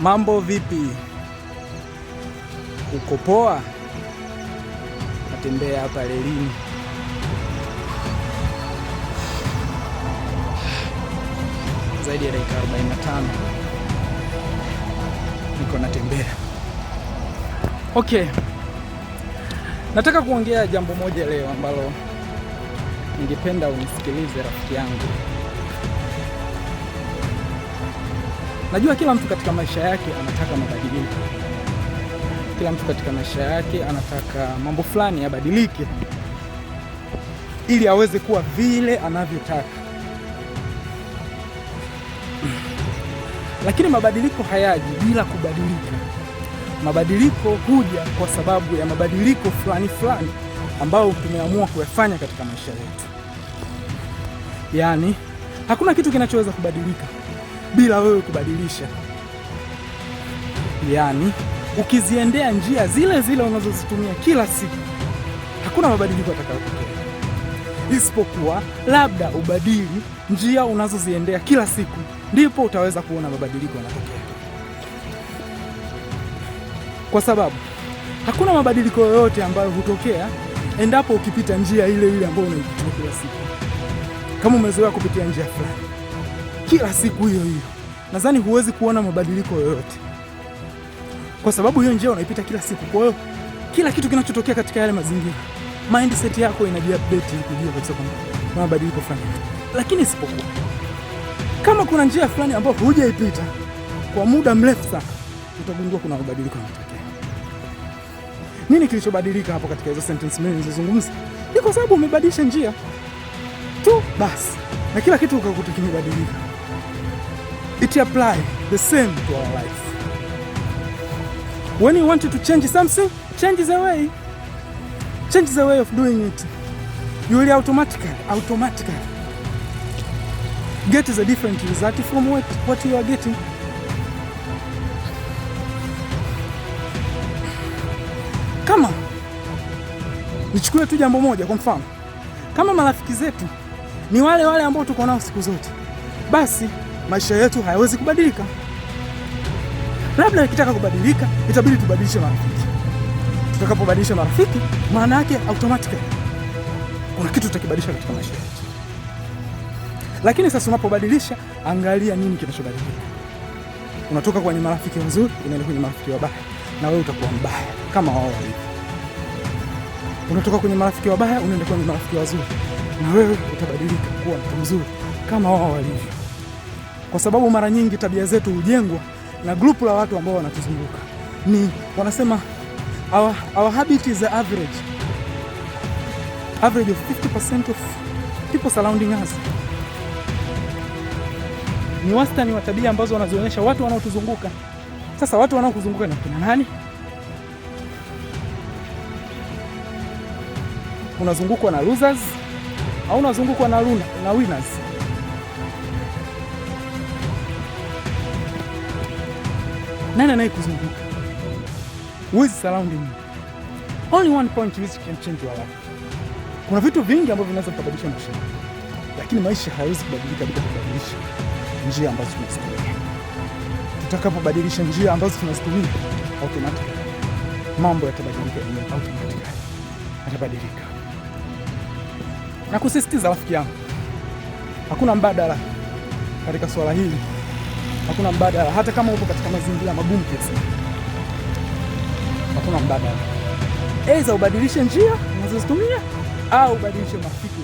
Mambo vipi? Uko poa? Natembea hapa lelini. Zaidi ya dakika 45 niko natembea. Okay. Nataka kuongea jambo moja leo ambalo ningependa unisikilize rafiki yangu. Najua kila mtu katika maisha yake anataka mabadiliko, kila mtu katika maisha yake anataka mambo fulani yabadilike ili aweze kuwa vile anavyotaka, lakini mabadiliko hayaji bila kubadilika. Mabadiliko huja kwa sababu ya mabadiliko fulani fulani ambayo tumeamua kuyafanya katika maisha yetu. Yaani hakuna kitu kinachoweza kubadilika bila wewe kubadilisha. Yaani ukiziendea njia zile zile unazozitumia kila siku, hakuna mabadiliko atakayotokea, isipokuwa labda ubadili njia unazoziendea kila siku, ndipo utaweza kuona mabadiliko yanatokea, kwa sababu hakuna mabadiliko yoyote ambayo hutokea endapo ukipita njia ile ile ambayo unaipitia kila siku. Kama umezoea kupitia njia fulani kila siku hiyo hiyo, nadhani huwezi kuona mabadiliko yoyote, kwa sababu hiyo njia unaipita kila siku. Kwa hiyo kila kitu kinachotokea katika yale mazingira, mindset yako inajiupdate kujua kabisa kwamba kuna mabadiliko fulani, lakini isipokuwa kama kuna njia fulani ambayo hujaipita kwa muda mrefu sana, utagundua kuna mabadiliko yanatokea. Nini kilichobadilika hapo katika hizo sentence mimi nilizozungumza? Ni kwa sababu umebadilisha njia tu basi, na kila kitu ukakuta kimebadilika it apply the same to our life. When you want to change something, change the way. Change the way of doing it. You will automatically, automatically get the different result from what, what you are getting. Kama nichukue tu jambo moja kwa mfano, kama marafiki zetu ni wale wale ambao tuko nao siku zote, basi maisha yetu hayawezi kubadilika. Labda ikitaka kubadilika, itabidi tubadilishe marafiki. Tutakapobadilisha marafiki, maana yake automatically kuna kitu tutakibadilisha katika maisha yetu. Lakini sasa unapobadilisha, angalia nini kinachobadilika. Unatoka kwenye marafiki wazuri unaenda kwenye marafiki wabaya, na wewe utakuwa mbaya kama wao walivyo. Unatoka kwenye marafiki wabaya unaenda kwenye marafiki wazuri, na wewe utabadilika kuwa mtu mzuri kama wao walivyo kwa sababu mara nyingi tabia zetu hujengwa na grupu la watu ambao wanatuzunguka. Ni wanasema our, our habit is the average average of 50% of people surrounding us. Ni wastani wa tabia ambazo wanazionyesha watu wanaotuzunguka. Sasa watu wanaokuzunguka ni kina nani? Unazungukwa na losers au unazungukwa na, na winners? nani anayekuzunguka, huwezi surrounding me. Only one point which can change your life. Kuna vitu vingi ambavyo vinaweza kubadilisha maisha, lakini maisha hayawezi kubadilika bila kubadilisha njia ambazo tunazitumia. Tutakapobadilisha njia ambazo tunazitumia, automatically mambo yatabadilika yenyewe, automatically yatabadilika. Na rafiki yangu, hakuna mbadala katika swala hili hakuna mbadala, hata kama upo katika mazingira magumu kiasi, hakuna mbadala. Aidha ubadilishe njia unazozitumia au ubadilishe marafiki,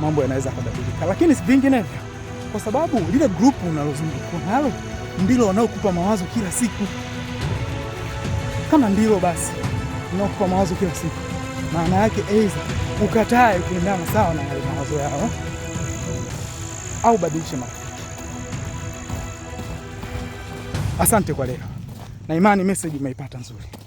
mambo yanaweza kubadilika, lakini vinginevyo, kwa sababu lile grupu unalozunguka nalo ndilo wanaokupa mawazo kila siku. Kama ndilo basi unaokupa mawazo kila siku, maana yake aidha ukatae kuendana sawa na mawazo yao au badilishe marafiki. Asante kwa leo, na imani message umeipata nzuri.